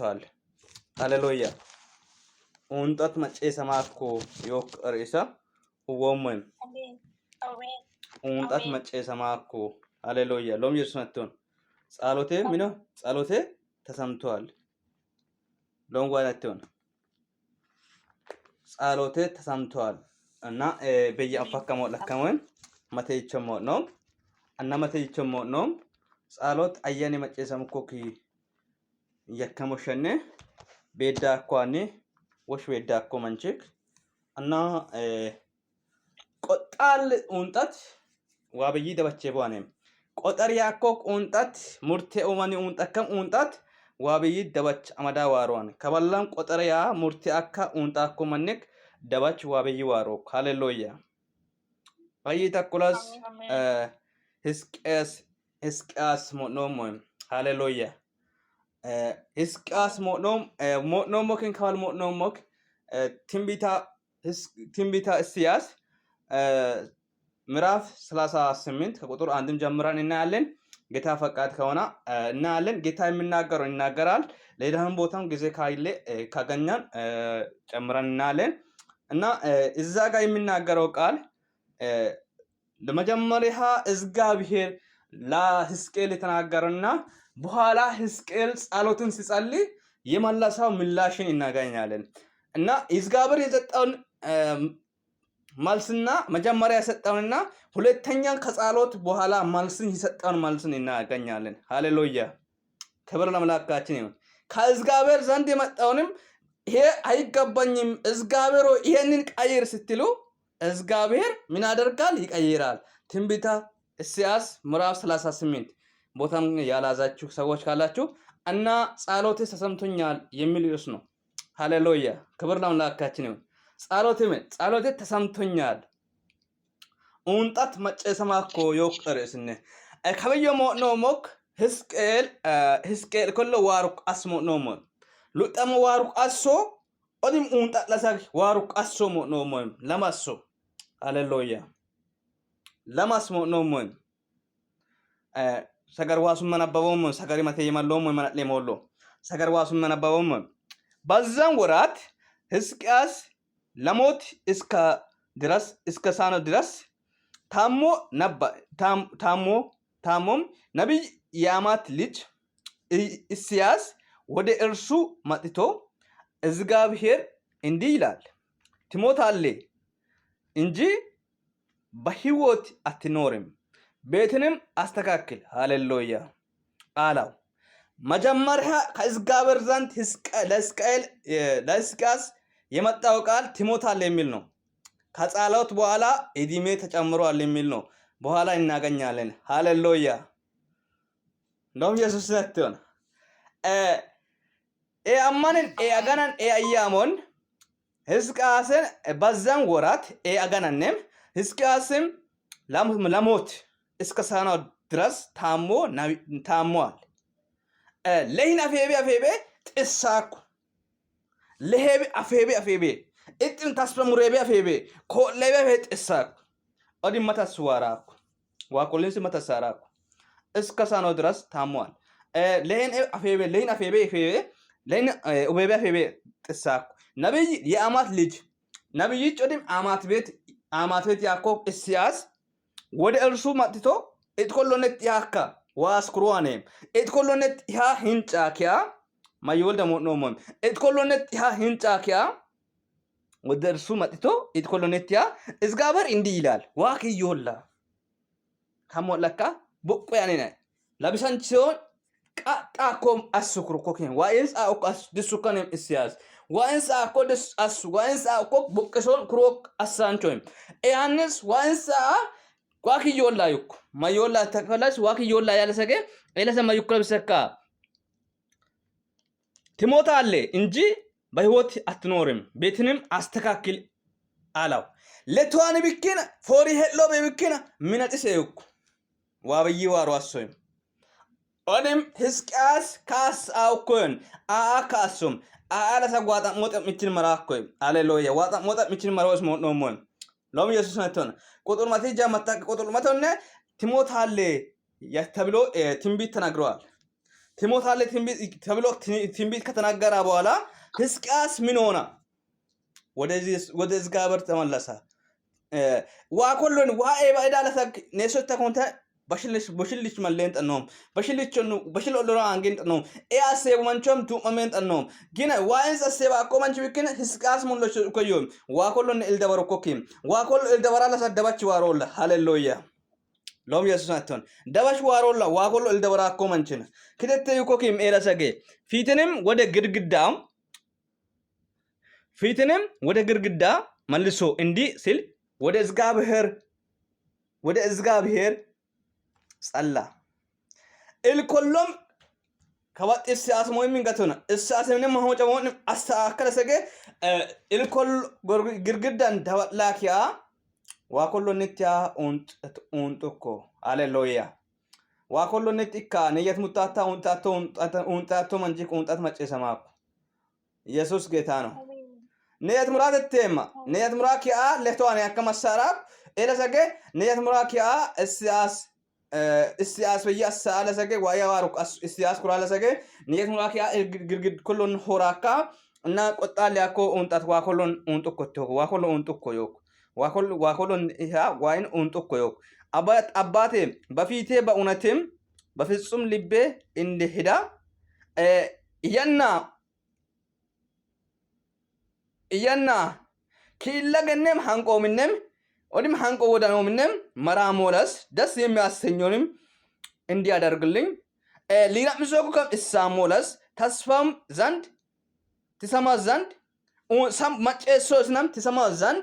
ተሰጥቷል። ሃሌሉያ ኡንጣት መጨሰማኮ ዮክ ርዕሳ ወመን ኡንጣት መጨሰማኮ ሃሌሉያ ሎም የሱነቱን ጻሎቴ ምኖ ጻሎቴ ተሰምቷል። ሎም ዋናቱን ጻሎቴ ተሰምቷል እና በየአፋከመው ለከመን መተይቸመው ነው እና መተይቸመው ነው ጻሎት አያኔ መጨሰምኮ ኪ yakkamoshannee beedda akkoanni wosh beedda akkoo manchik እና ቆጣል ኡንጣት ዋብይ ደበቼ በዋኔም ቆጠር ያኮ ቁንጣት ሙርቴ ኡማኒ ኡንጣከም ኡንጣት ዋብይ ደበች አመዳ ዋሮን ከበላም ቆጠር ያ ሙርቴ አካ ኡንጣኮ መነክ ደበች ዋብይ ዋሮ ሃሌሉያ ባይ ተኩላስ ህስቅያስ ህስቅያስ ሞኖሞም ሃሌሉያ Hisqiyaas ሞኖም mokin kaal moo'noon mok ትንቢተ እስያስ ምዕራፍ 38 ከቁጥር አንድም ጀምረን እናያለን። ጌታ ፈቃድ ከሆነ እናያለን። ጌታ የሚናገረው ይናገራል። ሌላም ቦታም ጊዜ ካይሌ ካገኛን ጨምረን እናያለን እና እዛ ጋር የሚናገረው ቃል ለመጀመሪያ እግዚአብሔር ለሕዝቅኤል የተናገረና በኋላ ህዝቅኤል ጸሎትን ሲጸልይ የመለሰው ምላሽን እናገኛለን እና ይዝጋብር የሰጠውን መልስና መጀመሪያ የሰጠውንና ሁለተኛ ከጸሎት በኋላ መልስን የሰጠውን መልስን እናገኛለን። ሃሌሉያ ክብር ለአምላካችን ይሁን። ከእግዚአብሔር ዘንድ የመጣውንም ይሄ አይገባኝም እግዚአብሔር ይሄንን ቀይር ስትሉ እግዚአብሔር ምን ያደርጋል? ይቀይራል። ትንቢተ ኢሳይያስ ምዕራፍ 38 ቦታም ያላዛችሁ ሰዎች ካላችሁ እና ጸሎቴ ተሰምቶኛል የሚል ርዕስ ነው። ሃሌሉያ ክብር ለአምላካችን ይሁን። ጸሎቴ ምን ጸሎቴ ተሰምቶኛል ኡንጣት መጨሰማ እኮ የወቅ ርዕስነ ከበዮ ሞኖ ሞክ ህዝቅኤል ህዝቅኤል ኮሎ ዋሩቅ አስ ሞኖ ሞ ሉጠሞ ዋሩቅ አሶ ኦዲም ኡንጣት ለሳክ ዋሩቅ አሶ ሞኖ ሞ ለማሶ ሃሌሉያ ለማስ ሞኖ ሞን ሰገርዋሱመን አበበውም ሰገሪ መቴ መለውም መነሌ ሞሎ ሰገርዋሱመን አበበውም በዛን ወራት ሕዝቅያስ ለሞት እስከ ድረስ እስከ ሳነ ድረስ ታሞ ነባ ታሞ ታሞም ነቢይ የአማት ልጅ ኢስያስ ወደ እርሱ መጥቶ እግዚአብሔር እንዲህ ይላል፣ ትሞታለህ እንጂ በሕይወት አትኖርም ቤትንም አስተካክል ሃሌሉያ አላው። መጀመሪያ ከእግዚአብሔር ዘንድ ለሕዝቅኤል ለሕዝቅያስ የመጣው ቃል ትሞታል የሚል ነው። ከጸሎት በኋላ እድሜ ተጨምሯል የሚል ነው። በኋላ እናገኛለን። ሃሌሉያ እንደውም ኢየሱስ አማንን ነትሆን አጋናን ኤአጋናን አያሞን ሕዝቅያስን በዛን ወራት አጋናንም ሕዝቅያስም ለሞት እስከ እስከሳናው ድረስ ታሞ ታሟል። ለሂን አፌቤ አፌቤ ጥሳኩ ለሄቤ አፌቤ አፌቤ እጥን ታስፈሙሬቤ አፌቤ ኮሌቤ አፌ ጥሳኩ ኦዲ መታስዋራኩ ዋራኩ ዋኮሊንስ መታስ አራኩ እስከሳናው ድረስ ታሟል። ለሂን አፌቤ ለሂን አፌቤ አፌቤ ለሂን ኡቤቤ አፌቤ ጥሳኩ ነብይ የአማት ልጅ ነብይ ጮዲም አማት ቤት አማት ቤት ያዕቆብ እስያስ ወደ እርሱ መጥቶ ኢትኮሎነት ያካ ዋስኩሩዋኔም ኢትኮሎነት ያ ሂንጫኪያ ነው ሞኖሞም ኢትኮሎነት ያ ሂንጫኪያ ወደ እርሱ መጥቶ ኢትኮሎነት ያ እዝጋበር እንዲህ ይላል ዋክ ዋክዮላ ለካ ቦቆ ያኔነ ለብሰን ሲሆን ቃጣኮም አስኩር ኮኬን ዋይንሳ እኮ ድሱከኔም እስያዝ ዋንሳ እኮ ድስ አሱ ዋኢንሳ እኮ ቦቅሶን ክሮክ አሳንቾም ኢያንስ ዋንሳ ዮላ ዩኩ ማዮላ ተከለስ ዋክዮላ ያለሰገ አይለሰ ለብሰካ ብሰካ አለ እንጂ በህይወት አትኖርም። ቤትንም አስተካክል አላው ለቷን ብኪን ፎሪ ሄሎ በብኪን ምናጥስ ዩኩ ዋበይ ዋሩ አሶይም ኦንም ህስቃስ ካስ አውኮን አአ ካሱም አአለሰ ዋጣ ሞጠ ምችን መራኮይ አሌሉያ ዋጣ ሞጠ ምችን መራወስ ሞኖሞን ሎም ኢየሱስ ነቶን ቁጥር መት ጃ መታ ቁጥር መቶነ ትሞታለ ተብሎ ትንቢት ተናግረዋል። ትሞታለ ተብሎ ትንቢት ከተናገረ በኋላ ሕዝቅያስ ምን ሆነ? ወደ እግዚአብሔር ተመለሰ። ዋ ኮሎን ዋ ኤባ ዕዳ ለተክ ኔሶ ተኮንተ bashilish bashilish malleen xannoom bashil olora angeen xannoom ee aseebu manchoom tuumameen xannoom gina waa'insa aseeba akkoo manchi wikin hisqaas mul'achu dhukayyo waa kollonne ildabaro kokki waa kollo ildabaraa lasa dabachi waaroolla haleluuyaa loom yesuus atton dabash waaroolla waa kollo ildabara akkoo manchin kitettee kokkiim eera sage fiitinim wode girgiddaa ፊትንም ወደ ግድግዳ መልሶ እንዲህ ሲል ወደ እግዚአብሔር ወደ እግዚአብሔር ጸላ ኢልኮሎም ከባት እሳአስሞ የሚንገቶነ እሳአስምነ ማሆጨሞን አስተካከለ ሰገ ኢልኮል ግርግዳን ዳባላኪያ ዋኮሎ ንትያ ኡንጡኮ አለ ሎያ ዋኮሎ ነት ኢካ ነየት ሙታታ ኡንጣቶ ኡንጣቶ መንጂ ኡንጣት መጨሰማኩ ኢየሱስ ጌታ ነው። ነየት ሙራት ተማ ነየት ሙራኪያ ለፍቷን ያከመሳራ ኤለሰገ ነየት ሙራኪያ እሳስ istiyaas fayyaa saala sage waa'ee awaaru istiyaas kuraala sage niyeet mulaakiyaa girgid kolon horaakka እና ቆጣል ያኮ ኡንጣት ዋኮሎን ኡንጡኮ ቶኮ ዋኮሎ ኡንጡኮ ዮኮ ዋኮሎ ዋኮሎን ኢሃ ዋይን ኡንጡኮ ዮኮ አባት አባቴ በፊቴ በእውነትም በፍጹም ልቤ እንድሄዳ እያና እያና ኪለገነም ሃንቆምንም ወዲም ሃንቆ ወዳ ነው ምንም መራ ሞለስ ደስ የሚያሰኘውንም እንዲያደርግልኝ ሊራ ምሶኩ ከም እሳ ሞለስ ተስፋም ዘንድ ትሰማ ዘንድ መጨሶስ ነም ትሰማ ዘንድ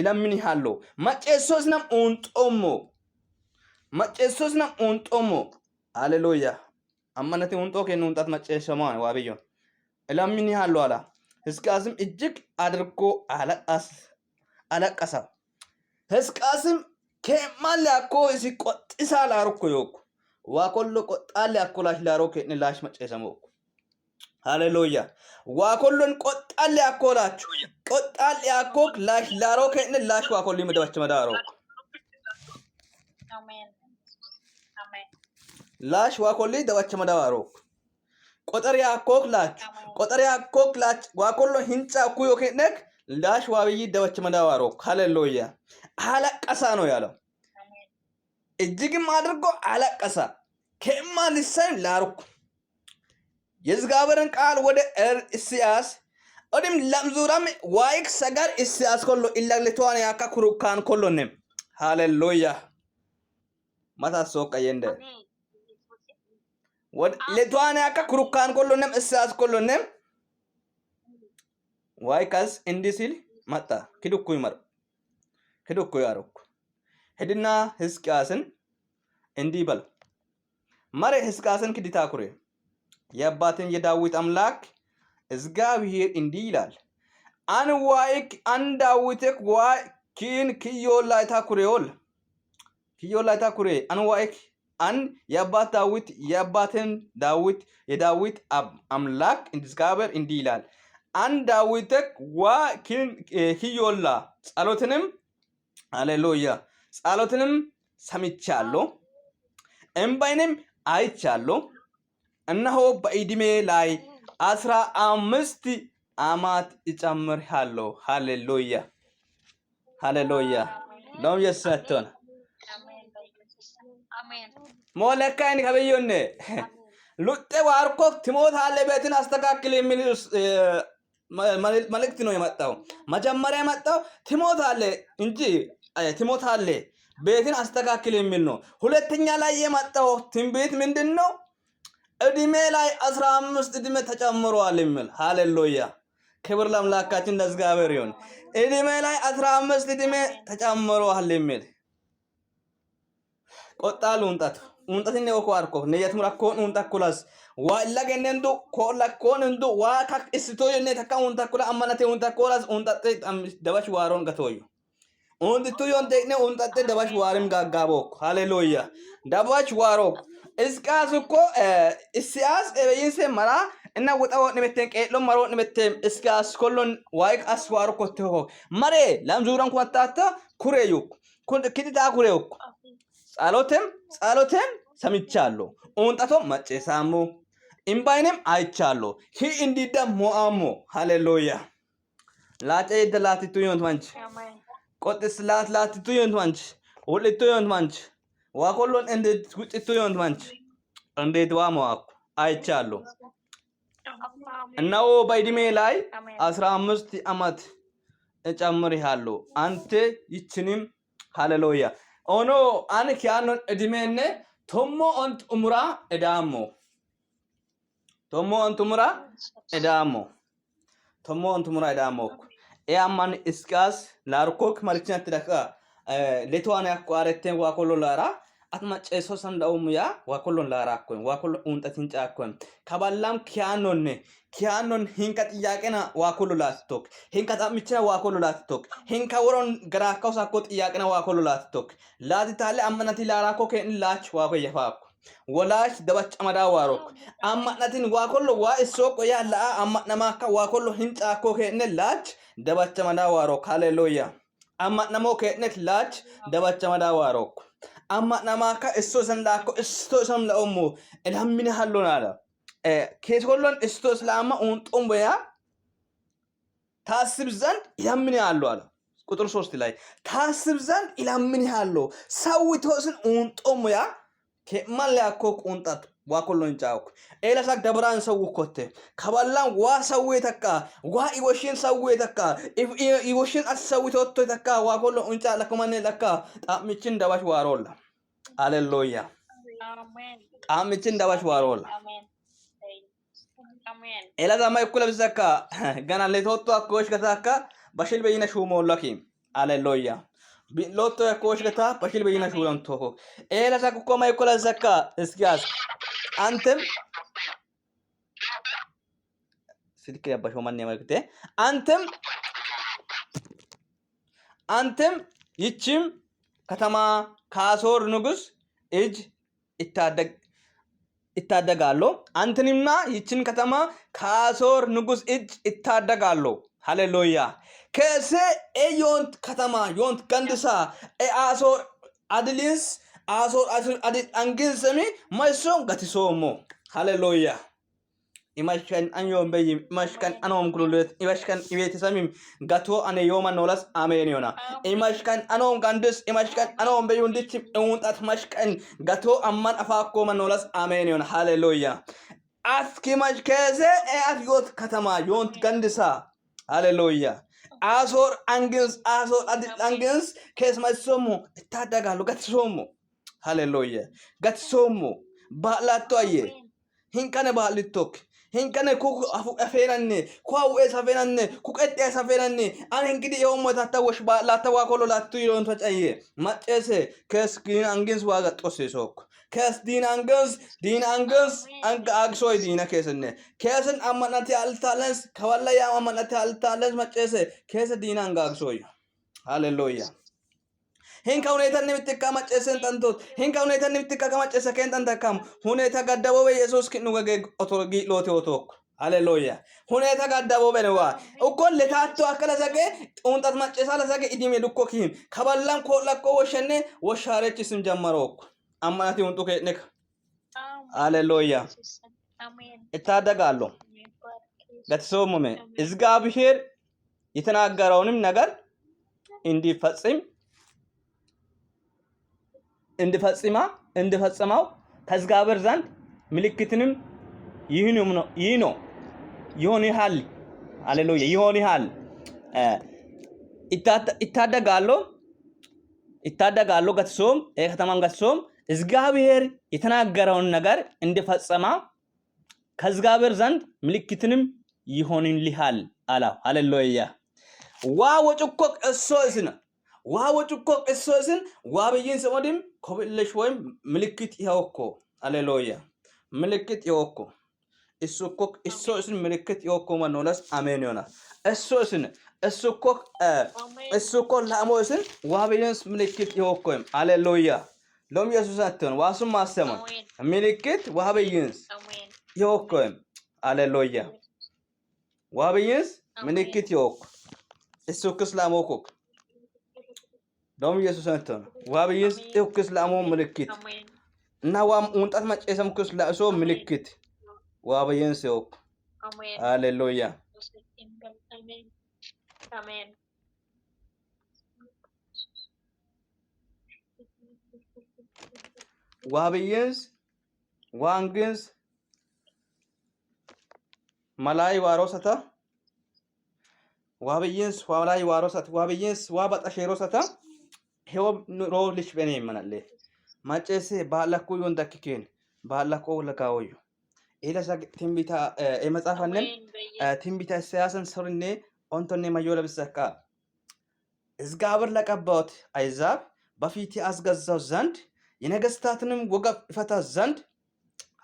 እለምንሃለሁ። መጨሶስ ነም ኡንጦሞ መጨሶስ ነም ኡንጦሞ ሃሌሉያ አማነቴ ኡንጦ ከነ ኡንጣት መጨሰማ ዋብዮ እለምንሃለሁ አላ ሕዝቅያስም እጅግ አድርጎ አለቀሰ። Heesqaasiin keemmallee akkoo isin qoxxisaa laarukko yookku. Waa kolloo qoxxaallee akkoo laaroo keenya laash macceessamookku. Haleluuyaa. Waa kolloon qoxxaallee akkoo laachu. Qoxxaallee akkoo laash laaroo keenya laash waa kollii madabachama daarookku. Laash waa kollii dabachama daarookku. Qoxariyaa akkoo laachu. Qoxariyaa akkoo laachu. Waa kolloon hin caakku yookiin dhag laash waa biyyii dabachama daarookku. Haleluuyaa. አለቀሰ ነው ያለው። እጅግም አድርጎ አለቀሰ። ከእማ ልሳን ላርኩ የዝጋበርን ቃል ወደ እስያስ ኦዲም ለምዙራም ዋይክ ሰጋር እስያስ ኮሎ ኢላግለቷን ያካ ኩሩካን ነ ሃሌሉያ ማታ ሶቀ የንደ ለቷን ያካ ኩሩካን ኮሎንም እስያስ ዋይ ካስ እንዲ ሲል መጣ ኪዱኩ ይመር ሂድ እኮ ያረኩ ሂድና ሕዝቅያስን እንዲህ በለው ማረ ህዝቅያስን ክድታ ኩሬ የአባትን የዳዊት አምላክ እግዚአብሔር እንዲህ ይላል አንዋይክ አንዳዊትክ ዋይ ኪን ክዮላይታ ኩሬዮል ክዮላይታ ኩሬ አንዋይክ አን የአባት ዳዊት የአባትን ዳዊት የዳዊት አምላክ እግዚአብሔር እንዲህ ይላል አንድ ዳዊትክ ዋ ኪን ሂዮላ ጸሎትንም አሌሉያ። ጸሎትንም ሰምቻለሁ፣ እምባይንም አይቻለሁ። እነሆ በዕድሜ ላይ አስራ አምስት አማት እጨምርሃለሁ። ሃሌሉያ ሃሌሉያ። ሎም የስነቶን ሞለካይን ከበዮነ ሉጤ ዋርኮ ትሞታለህ፣ ቤትን አስተካክል የሚል መልእክት ነው የመጣው። መጀመሪያ የመጣው ትሞታለህ እንጂ ትሞታለህ፣ ቤትን አስተካክል የሚል ነው። ሁለተኛ ላይ የመጣው ትንቢት ምንድን ነው? እድሜ ላይ አስራ አምስት እድሜ ተጨምሯል የሚል ሃሌሉያ። ክብር ለአምላካችን ለእግዚአብሔር ይሁን። እድሜ ላይ አስራ አምስት እድሜ ተጨምሯል የሚል ቆጣሉ ውንጣት ውንጣትን ነው ኮአርኮ ነየት ሙራኮን ውንጣ ኩላስ ዋላ ገነንዱ ኮላ ኮንንዱ ዋካ እስቶየ ነተካ ውንጣ ኩላ አማናቴ ውንጣ ኮላስ ውንጣ ደባሽ ዋሮን ገቶዩ ኡንትቱዮን ቴክኔ ኡንጠጤ ደባሽ ዋሪም ጋጋቦክ ሃሌሉያ ደባሽ ዋሮክ እስቃስ እኮ እስያስ ኤበይንሴ መራ እና ወጣ ወጥ ንበቴን ቄሎ መሮ ንበቴም እስቃስ ኮሎን ዋይቅ አስዋሩ ኮቴሆ መሬ ላምዙረን ኩመታተ ኩሬዩክ ኪጢጣ ኩሬዩክ ጸሎቴም ጸሎቴም ሰምቻለሁ ኡንጠቶ መጨሳሙ እምባይንም አይቻለሁ ሂ እንዲዳ ሞአሞ ሃሌሉያ ላጨ ይደላትቱዮንት መንች qotis laat laatittu yont manch wul'ittu yont manch waa kolloon endeet guccittu yont manch እንዴት ዋሞ አይቻለሁ። እነሆ በዕድሜ ላይ አስራ አምስት ዓመት እጨምርሃለሁ። አንተ ይችንም ሃሌሉያ ኦኖ አንክ ያኖን እድሜነ ቶሞ ኦንት ኡሙራ እዳሞ ቶሞ ኦንት ኡሙራ እዳሞ ቶሞ ኦንት ኡሙራ እዳሞ e amman isqaas laarkook malchinatti dhaqaa leeto'aan akkaaretteen waa kollo laaraa atuma ceesoo san dha'uumu yaa waa kolloon laaraa akkoon waa kolloon uunxatiin caa akkoon kaballam kiyaanonne kiyaannon hinka xiyyaaqena waa kollo laati tokk hinka xammichina waa kollo laati tokk hinka woron garaa akkawsa akkoo xiyyaaqena waa kollo laati tokk laati taalee ammanati laaraa koo keen laachu waa koyyafaakku. ወላች ደበጨ ዋሮክ አማነትን ዋኮሎ ዋ እሶ ቆያ ለአ አማነማካ ዋኮሎ ህንጫኮ ከእነ ላች ደበጨ ዋሮክ ሃሌሉያ አማነሞ ከእነት ላች ደበጨ ዋሮክ አማነማካ እሶ ሰንዳኮ እሶ ሰም ለኦሙ እላምን ሃሎናለ ኬቶሎን እስቶ ስላማ ኡንጦም በያ ታስብ ዘንድ ኢላምን ያለው አለ ቁጥር ሶስት ላይ ታስብ ዘንድ ኢላምን ያለው ሰው ቶስን ኡንጦም በያ ke'malle akkoo quunxatu waa kolloon caa'uk eelasaak dabaraan sawuu kotte kaballaan waa sawwee takkaa waa iwoshiin sawwee takkaa iwoshiin as sawwii tottoo takkaa waa kolloon uncaa lakkumanne lakkaa xaamichin dabash waaroolla alellooyya xaamichin dabash waaroolla eelasaa ma ikkula bisakka ganallee tottoo akkoosh gasaakka bashil beeyina shuumoollakiin alellooyya Lotto ያኮወሽለታ በሽል በይና ሹላን ቶኮ ኤለሳ ቁቆማ ይኮላ ዘካ እስኪያስ አንተም ስልክ ያባሽው ማን ያመልክተ አንተም አንተም ይችም ከተማ ካሶር ንጉስ እጅ ይታደግ ይታደጋሉ። አንተንና ይችን ከተማ ካሶር ንጉስ እጅ ይታደጋሉ። ሃሌሉያ ከሴ ኤዮንት ከተማ ዮንት ቀንድሳ ኤአሶ አድሊንስ አሶ አንግል ሰሚ ማይሶም ጋቲሶሞ ሃሌሉያ ኢማሽከን አንዮም በይ ኢማሽከን አኖም ክሉሉት ኢማሽከን ኢቤት ሰሚም ጋቶ አኔ ዮም አኖላስ አሜን ዮና ኢማሽከን አኖም ጋንድስ ኢማሽከን አኖም በይ ወንድች እውንጣት ማሽከን ጋቶ አማን አፋኮ ማኖላስ አሜን ዮና ሃሌሉያ አስኪማሽ ከዘ ኤአፍ ከተማ ዮንት ጋንድሳ ሃሌሉያ አሶር አንግንስ አሶር አንግንስ ከስማት እታደጋሉ ገትሶሙ ሃሌሉያ ገትሶሙ ባላቶ አየ ሂንቀነ ባልቶክ ሂንቀነ ኩኩ አፉ አፌናነ ኩአውኤስ አፌናነ ኩቀጤስ አን እንግዲ የወሞታ ታወሽ ባላተዋ ኮሎ ላቱ ይሮን ተጨየ ማጨሰ ከስ አንግንስ ዋጋ ጦሴሶክ kees diinaan gees diinaan gees aksooy diina keessanne keessan amanate altaales kawalla yaa amanate altaales macceese keessa diinaan agsoy haleluya hinka huneetanni mittikka macceesen tantoot hinka huneetanni mittikka kamaccesa keen tantakkam huneeta gaddabobe yesus kinnu gage giiloote otookko ሃሌሉያ ሁኔታ ጋዳቦ በነዋ እኮ ለታቶ አከለ ዘገ ጡንጣት ማጨሳ ለዘገ ኢዲሜ ዱኮ ኪን ከበላም ኮላቆ ወሸኔ ወሻረች ስም ጀመረው እኮ አማናት ይሁንጡ ነክ አሌሉያ እታደጋለሁ። ለተሰሙመ እግዚአብሔር የተናገረውንም ነገር እንዲፈጽም እንዲፈጽማ እንዲፈጽመው ከእግዚአብሔር ዘንድ ምልክትንም ይህንም ነው ይህ ነው ይሆንሃል። ሃሌሉያ ይሆንሃል። ይታደጋለሁ ይታደጋለሁ ገትሶም ከተማን ገትሶም እግዚአብሔር የተናገረውን ነገር እንደፈጸማ ከእግዚአብሔር ዘንድ ምልክትንም ይሆንልሃል አላ ሃሌሉያ ዋ ወጭኮ እሶስን ዋ ወጭኮ እሶስን ዋ ብይን ስሞድም ኮብልሽ ወይም ምልክት ይኸውኮ። ሃሌሉያ ምልክት ይኸውኮ እሱኮ እሶስን ምልክት ይኸውኮ መኖለስ አሜን ይሆናል እሶስን እሱኮ እሱኮ ላሞስን ዋ ብይንስ ምልክት ይኸውኮ ሃሌሉያ ሎም ኢየሱስ አትሆን ዋሱም አሰሙን ምልክት ወሀበይንስ የወኮም አሌሉያ ወሀበይንስ ምልክት የወኩ እሱክስ ላሞኩክ ሎም ኢየሱስ አትሆን ወሀበይንስ እሱክስ ላሞ ምልክት እና ዋም ውንጣት ማጨሰምኩስ ላእሶ ምልክት ወሀበይንስ የወኩ አሌሉያ ዋብይንስ ዋንግንስ መላይ ዋሮሰተ ዋብይንስ ዋላይ ዋሮሰተ ዋብይንስ ዋበጠሼሮሰተ ሄዎ ኑሮ ልሽ በኔ ይመናለ ማጨሴ ባላኩ ዮን ዳክኬን ባላኩ ለካወዩ ኤለሳ ትንቢታ የመጻፈንም ትንቢታ ኢሳያስን ሶርኔ ኦንቶኒ ማዮ ለብሰካ እዝጋብር ለቀባውት አይዛብ በፊት አስገዛው ዘንድ የነገስታትንም ወገብ ይፈታ ዘንድ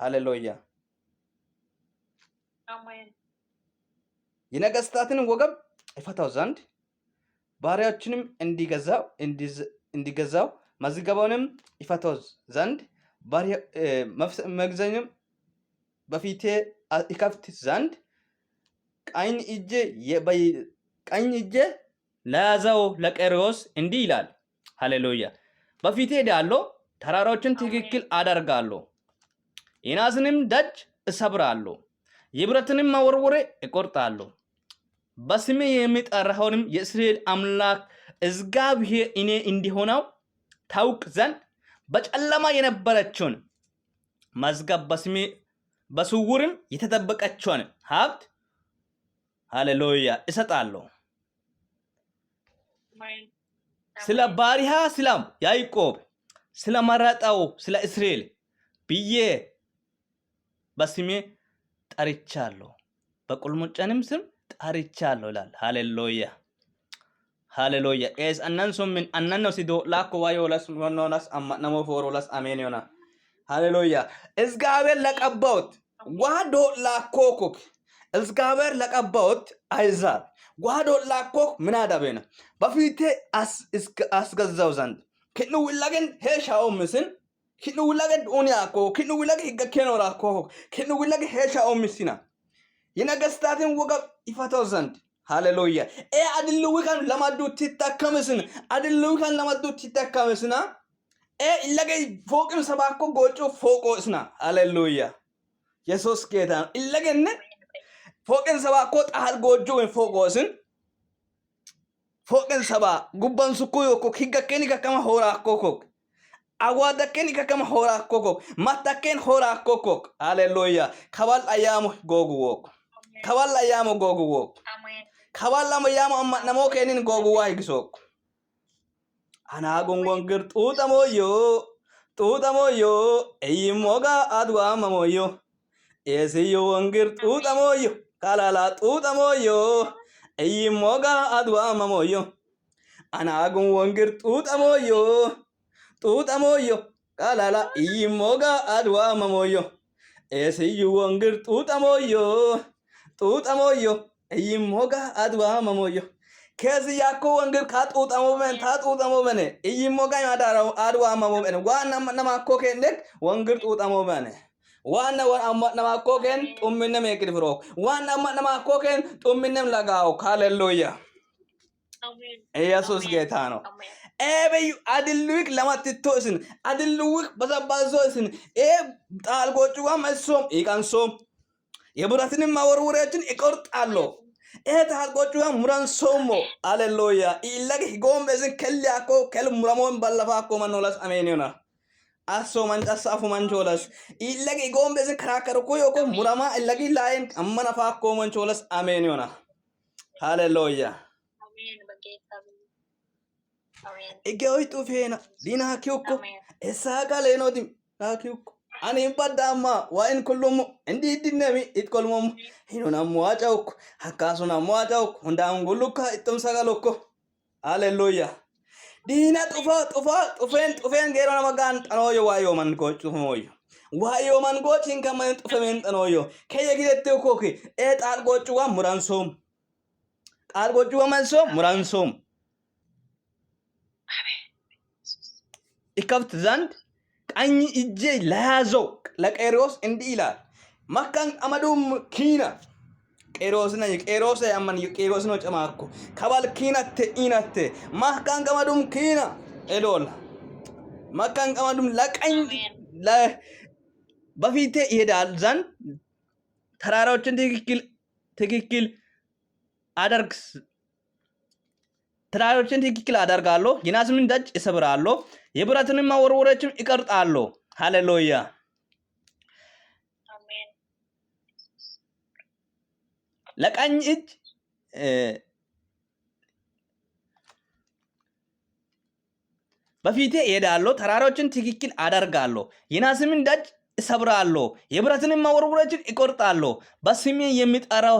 ሃሌሉያ የነገስታትንም ወገብ ይፈታው ዘንድ ባሪያዎችንም እንዲገዛው እንዲገዛው መዝገባውንም ይፈታው ዘንድ መግዘኝም በፊቴ ይከፍት ዘንድ ቀኝ እጄ ቀኝ እጄ ለያዘው ለቀሪዎስ እንዲህ ይላል። ሃሌሉያ በፊቴ ሄዳለሁ ተራራዎችን ትክክል አደርጋለሁ፣ የናስንም ደጅ እሰብራለሁ፣ የብረትንም መወርወሬ እቆርጣለሁ። በስሜ የሚጠራውንም የእስራኤል አምላክ እግዚአብሔር እኔ እንዲሆነው ታውቅ ዘንድ በጨለማ የነበረችውን መዝገብ በስሜ በስውርም የተጠበቀችውን ሀብት ሃሌሉያ እሰጣለሁ። ስለ ባሪያ ስላም ያዕቆብ ስለመረጠው ስለ እስራኤል ብዬ በስሜ ጠርቻለሁ፣ በቁልምጫንም ስም ጠርቻለሁ ይላል። ሃሌሉያ ሃሌሉያ ኤስ አናን ምን አናን ነው ሲዶ ላኮ ዋዮ ለስ ወኖናስ አማናሞ ፎሮ ለስ አሜን ዮና ሃሌሉያ እግዚአብሔር ለቀባውት ዋዶ ላኮኩክ እግዚአብሔር ለቀባውት አይዛብ ጓዶ ላኮክ ምን አዳበና በፊቴ አስገዛው ዘንድ kidhu wilagen he shaommisen kidhu willage duuniyaakko kidhu willage ako kidhu willage he shaommisina የነገስታትን ወገብ ይፈተው ዘንድ ሃሌሉያ ኤ አድልዊ ከን ለመዱ ትጠከምስን አድልዊ ከን ለመዱ ትጠከምስና ኤ ኢለገ ፎቅም ሰባኮ ጎጮ ፎቆስና ሃሌሉያ የሶስት fokin ኢለገን ፎቅን ሰባኮ ጣሃል ጎጆ ፎቆስን foqen saba gubban sukkuyo kok keni kenika kama hora kokok awada keni kenika kama hora kokok mata ken hora kokok haleluya kawal ayamo gogu wok kawal ayamo gogu wok kawal lamo yamo amma namo kenin gogu wai gisok ana gongon gir tuta moyo tuta moyo eyi moga adwa mamoyo esiyo wongir tuta moyo kalala tuta moyo Eyyimooga adu'aama mooyyo anaagun wongir xuuxa mooyyo xuuxa mooyyo qalala eyyimooga adu'aama mooyyo eesiyyu wongir xuuxa mooyyo xuuxa mooyyo eyyimooga adu'aama mooyyo keesi yaakko wongir kaa xuuxamoo bene taa xuuxamoo bene eyyimooga adu'aama moo bene waan nama akkoo kenneek wongir xuuxamoo bene. waan amma namaa kookeen xumminne meeqit firoo waan amma namaa kookeen xumminne lagaa'u haleluuya ኢየሱስ ጌታ ነው። ኤበዩ አድልዊክ ለማትቶ እስን አድልዊክ በሰባዞ እስን ኤ ጣልጎጭዋ መሶም ይቀንሶም የብረትንም ማወርውሬችን ይቆርጣለሁ። ኤታል ጎጩዋ ሙራን ሶሞ አሌሉያ ኢለግ ጎም እዝን ከልያኮ ከል ሙራሞን ባለፋኮ መኖላስ አሜን ይሆናል assooman cassaafuman choolas illagi igombe isin karaa karukuu yoko murama illagi laayin amma nafaa akkooman choolas ameen yona haleluya ige hoyxu feena dina kiukko esaaga leenodim naakiukko ani hibbaddaamma waa in kullummu indi iddinneemi it kolmommu hinun ammo waa cawukko hakkaasun ammo waa cawukko hundaamgulukka ittumsagalukko haleluya diina xufo xufo xufen xufen geerona magaan xanooyo waayooman goch xufumooyo waayooman gochin kaman xufemen xanooyo keyye gidette ukoke ee xaal gocuwa muransoom xaal gocuwa manso muransoom ይከብት ዘንድ ቀኝ እጄ ለያዘው ለቀሪዎስ እንዲህ ይላል መካን ቀመዱም ኪና qeeroosina qeeroosa amman qeeroosina camaakko kabal kiinatte iinatte mahkaan qamadum kiina edoola mahkaan qamadum laqañ በፊት ይሄዳል ዘንድ ተራራዎችን ትክክል ትክክል አደርግ ተራራዎችን ትክክል አደርጋለሁ፣ የናስንም ደጅ እሰብራለሁ፣ የብረትንም መወርወሮችም እቆርጣለሁ። ሃሌሉያ ለቀኝ እጅ በፊቴ እሄዳለሁ፣ ተራሮችን ትክክል አደርጋለሁ፣ የናስምን ደጅ እሰብራለሁ፣ የብረትንም መወርወሮችን እቆርጣለሁ። በስሜ የሚጠራው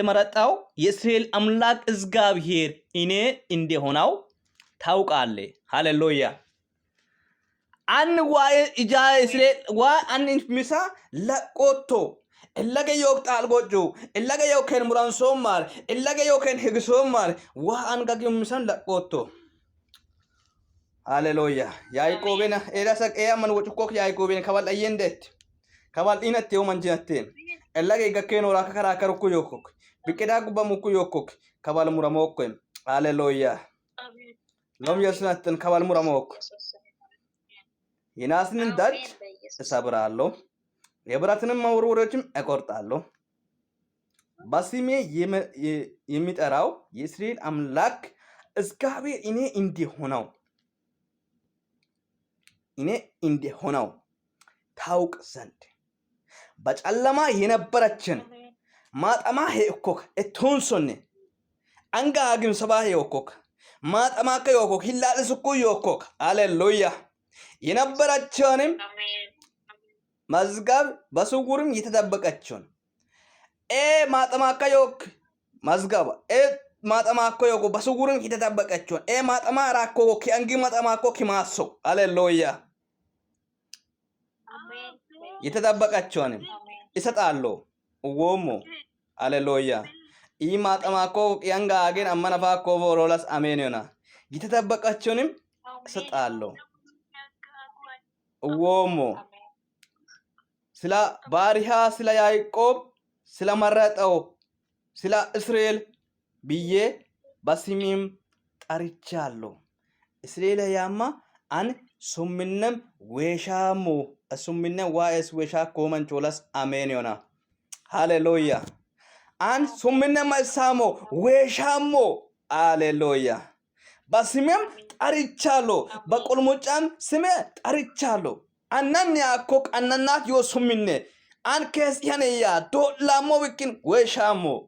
የመረጣው የእስራኤል አምላክ እግዚአብሔር እኔ እንደሆነው ታውቃለህ። ሃሌሉያ አን ዋ እጃ እስራኤል ዋ አን ሚሳ ለቆቶ illagayyoo xaal gochuu illagayyoo keen muransoo maal illagayyoo keen higisoo maal waa an gagiumsan laqqootto haleluya yaaqoobina erasaq eaman wocukkook yaaqoobin kabal ayyendeet kabal dhinatti yoo manjinatteen illagay gakkeen oraaka karaaka rukku yokkok biqidaa gubba mukku yokkok kabal muramookkoen haleluya lom yesunattan kabal muramook yinaasnin dad isa biraallo የብረትንም መወርወሪያዎችም እቆርጣለሁ። በስሜ የሚጠራው የእስራኤል አምላክ እግዚአብሔር እኔ እንደሆነው እኔ እንደሆነው ታውቅ ዘንድ በጨለማ የነበረችን ማጠማ ሄኮክ እቶንሶኔ አንጋ አንጋግም ሰባ ሄኮክ ማጠማከ ዮኮክ ሂላልስኩ ሄኮክ አሌሉያ የነበረችንም መዝገብ በስውርም ነው። ኤ ዮክ መዝገብ ኤ ዮኮ በስውርም የተደበቀችውን ኤ ማጠማ ራኮ ማጠማራኮ ኪአንጊ ማጠማኮ ኪማሶ አሌሉያ ነው። ይሰጣሉ ወሞ አሌሉያ ኢ ማጠማኮ ያንጋ አገን አመነፋኮ ቦሮላስ አሜን ዮና የተደበቀችውንም ይሰጣሉ ወሞ ስለ ባሪያ ስለ ያዕቆብ ስለመረጠው ስለ እስራኤል ብዬ በስሜም ጠርቻለሁ። ያማ አን ሱምነም ወሻሙ ሱምነ ዋኤስ ወሻ ኮመን ቾለስ አሜን ዮና ሃሌሉያ አን ሱምነ ማሳሞ ወሻሙ ሃሌሉያ በስሜም ጠርቻለሁ፣ በቆልሞጫም ስሜ ጠርቻለሁ። annan yaakko qannannaaf yoo summinne an kees dhiyaneeyyaa doodlaammoo wiqqin weeshaamoo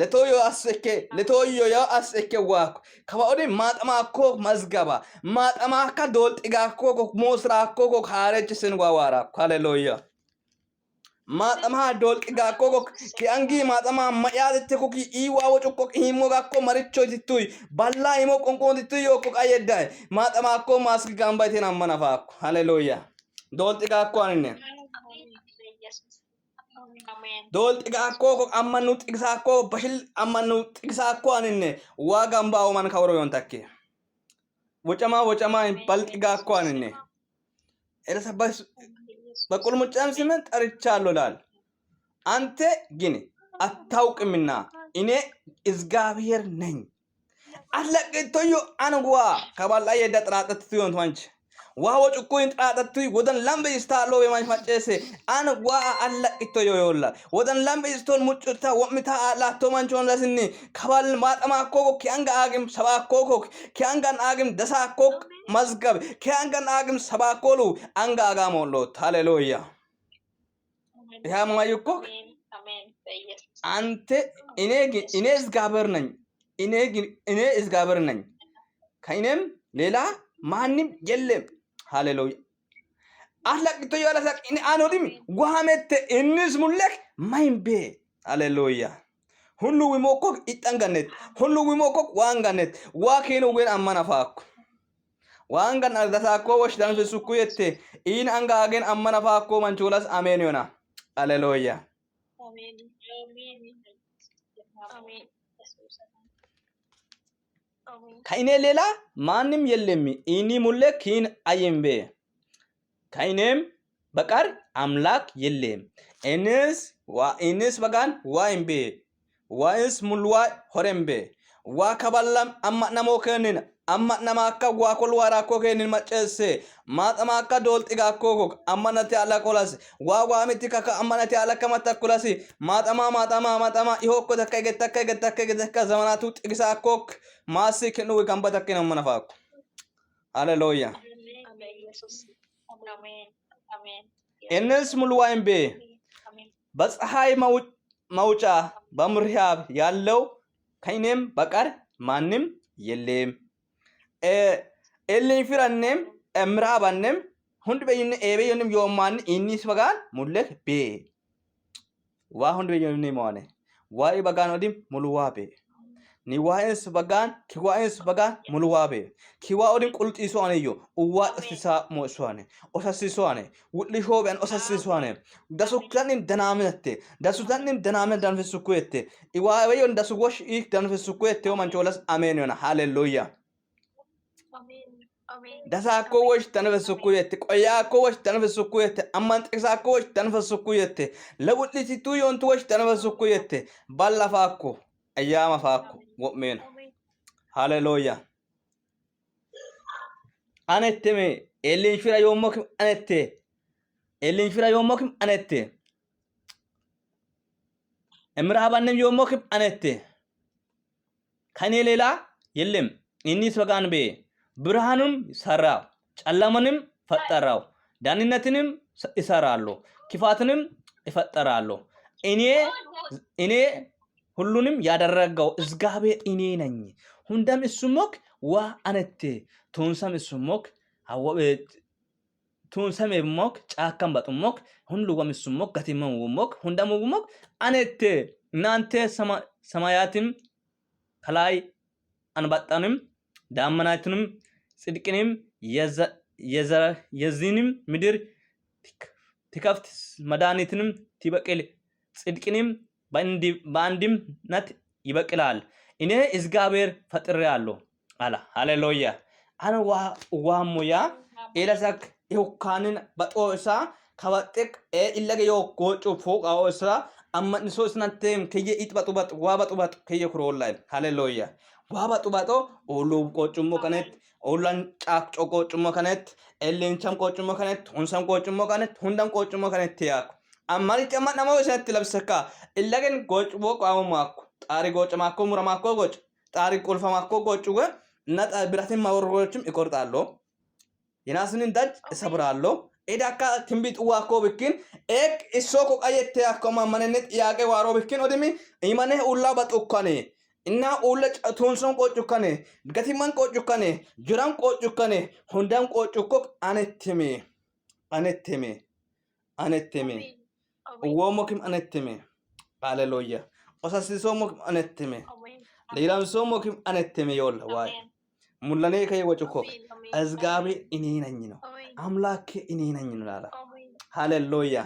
ለቶዮ አስኬ ለቶዮ ያው አስኬ ዋኩ ከወዲ ማጠማኮ መዝገባ ማጠማካ ዶልጥጋኮ ሞስራኮ ሃረች ስንዋዋራ ሃሌሉያ maxamaa doolqigaa koko ki'angii maxamaa mayaatitti kuki iiwaawo cukko himmo gakko maricho itittuy ballaa himo qonqontittuy yookko qayyeddae maxamaakko maaski gambaytin ammanafaakko haleluya doolxigaakko aninne doolxigaakko ko ammannu xigisaakko bashil ammannu xigisaakko aninne waa gambaawoman kawro yon takke wocamaa wocamaa balxigaakko aninne elsa በቁልምጫም ስምን ጠርቻለሁ ይላል። አንተ ግን አታውቅምና እኔ እግዚአብሔር ነኝ። አለቅቶዩ አንጓ ከባላ የዳ ጥራጠት ትሆንቷንች waawo cukkuyin xaaxattui wodan lambe istaa loowe man facceesse an waa allaqitto yoyolla wodan lambe istoon muccutta wo'mitaa aatlaattoo manchoon lasinni kabal maaxamaakkooko kianga aagim sabaakkookok kiangan aagim dasaakkook mazgabe kiangan aagim sabaakkoolu anga aagaamolloot haleluya ያማዩኮክ አንተ እኔ እኔ እግዚአብሔር ነኝ እኔ እኔ እግዚአብሔር ነኝ ከእኔም ሌላ ማንም የለም Hallelujah. Aslaqqitoo yoo alasaqqini aan odimi waamette innis mul'ek mahimbee. Hallelujah. Hullu wimookok ixxan gannet. Hullu wimookok waan gannet. Waa keenu guen ammana faakku. Waan gan ardasaakoo washidaan sukku yette. Iin angaagen agen faakkoo manchuulas ameen yona. Hallelujah. ከእኔ ሌላ ማንም የለም። ኢኒ ኪን አይምቤ ከእኔም በቀር አምላክ የለም። እኔስ ወኢንስ በጋን ዋይምቤ ወኢንስ ሙልዋ ሆረምቤ ዋከባላም አማናሞከንን amma nama akka waa kol waaraakoo keenin maceesse maaxama akka doolxigaakkooko ammanati ala kolase waa waamiti kaka ammanati ala kamata kolasi maaxama maaxama maaxama ihookko takka eget takka eget takka eget takka zamanatu xigisa akkook maasi kennu gamba takkin amma nafaakko haleluya innis ሙሉዋይን ቤ በፀሐይ መውጫ በምዕራብ ያለው kainem bakar ማንም የለም elleen firanneem miraabanneem hundi beeyinne eebeyyoonnim yoommaanne innis bagaan mul'ek bee waa hundi beeyyoonni moone waa'ee bagaan odim mulwaa bee niwaa'insi bagaan kiwaa'insi bagaan mulwaabe kiwaa odin qulxiisuaneyyo uwaa osisaa mo'isuane osasisuane wudlishoobean osasisuane dasukanin danaaminatte dasutannin danaamina danfisukuyette iwaaweyon dasuwosh iik danfisukuyette o manchoolas ameeniyona haleluya Dasaakoo wash tanfasukku jette qoyaakoo wash tanfasukku jette amman xiqsaakoo wash tanfasukku jette labullisituu yoontu wash tanfasukku jette balla faakko ayyaama faakko wo'meena haleluuya anette me elinfira yoommokim anette elinfira yoommokim anette እምራሃባንም ዮሞክም አነቴ ከኔ ሌላ yellem እኒስ በጋን ቤ ብርሃኑም ሰራ፣ ጨለማንም ፈጠራው ዳንነትንም ይሰራሉ፣ ክፋትንም ይፈጠራሉ። እኔ እኔ ሁሉንም ያደረገው እግዚአብሔር እኔ ነኝ። ሁንደም እሱሞክ ዋ አነቴ ቱንሰም እሱሞክ አወበት ቱንሰም ሞክ ጫካም በጡሞክ ሁንሉወም እሱሞክ ገቲመም ወሞክ ሁንደም ወሞክ አነቴ እናንተ ሰማያትም ከላይ አንበጣንም ዳመናትንም ጽድቅንም የዚህንም ምድር ትከፍት፣ መድኃኒትንም ትበቅል፣ ጽድቅንም በአንድነት ይበቅላል። እኔ እግዚአብሔር አለሁ አለ። ሃሌሉያ አነ ዋሙያ ኤለሰክ ይሁካንን በጦሳ ከበጥቅ ኢለገ ዮ ኦሳ አመንሶስ አመንሶስናቴም ከየ ኢጥበጡበጥ ዋበጡበጥ ከየ ኩሮላይ ሃሌሉያ Waabatu baatoo ooluu qochummoo kanatti oolaan caaccoo qochummoo kanatti elleenchaan qochummoo kanatti hunsaan qochummoo kanatti hundaan qochummoo kanatti yaaku. Ammaani cammaa nama isinatti labsakka. Illagen gocummoo qaamumaakku. Xaari gocamaakkoo muramaakoo goca. Xaari qulfamaakoo gocuuga naxa biratin mawarrochum ikorxaalloo. Yinaasnin daj isa biraalloo. Eda akka timbii xuwaakoo bikkin eeg isoo koqayyettee akkuma manennet yaaqee waaroo bikkin odimi imane ullaa baxukkanii. innaa uulla tuunsoon qoo cukkane gatimman qoo cukkane jiran qoo cukkane hundaan qoo cukko anettime anettime anettime woomokim anettime haleluya osasisoomokim anettime liilamsoomokim anettime yoolla waay mullanee kayye wacukkok azgaabe iniinanyino አምላኬ እኔ ነኝ እንላለን። ሃሌሉያ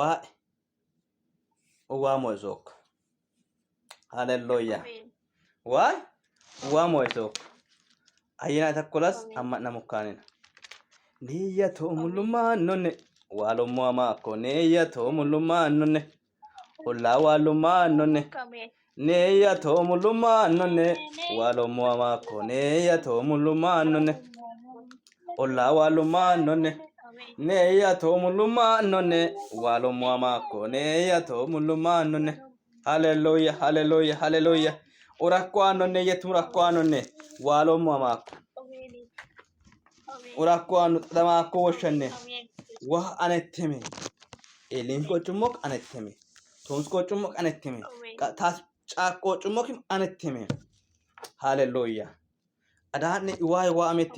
ዋይ w a m o i s o o k haleluya way uwamoisook ayyana takkolas a m m a n a m u k a a n i n a niyya t o o m u l u m a a n n o n n e waalummo amaakko niyya t o o m u l u m a a n n o n n e ollaa waalummaannonne niyya t o o m u l u m a a n n o n n e waalummo amaakko niyya toomullumaannonne ollaa waalummaannonne neeyya too mullummaa nonne waalommo ko neeyya too mullummaa nonne haleluya haleluya haleluya ko aanonne yetum rakko aanonne waalommo amaakko urakko aanu xadamaakko woshshanne wah anetteme eeliin qoccummook anetteme toons qoccummook anetteme taas caak chumok anetteme haleluya adaanne iwa iwa amette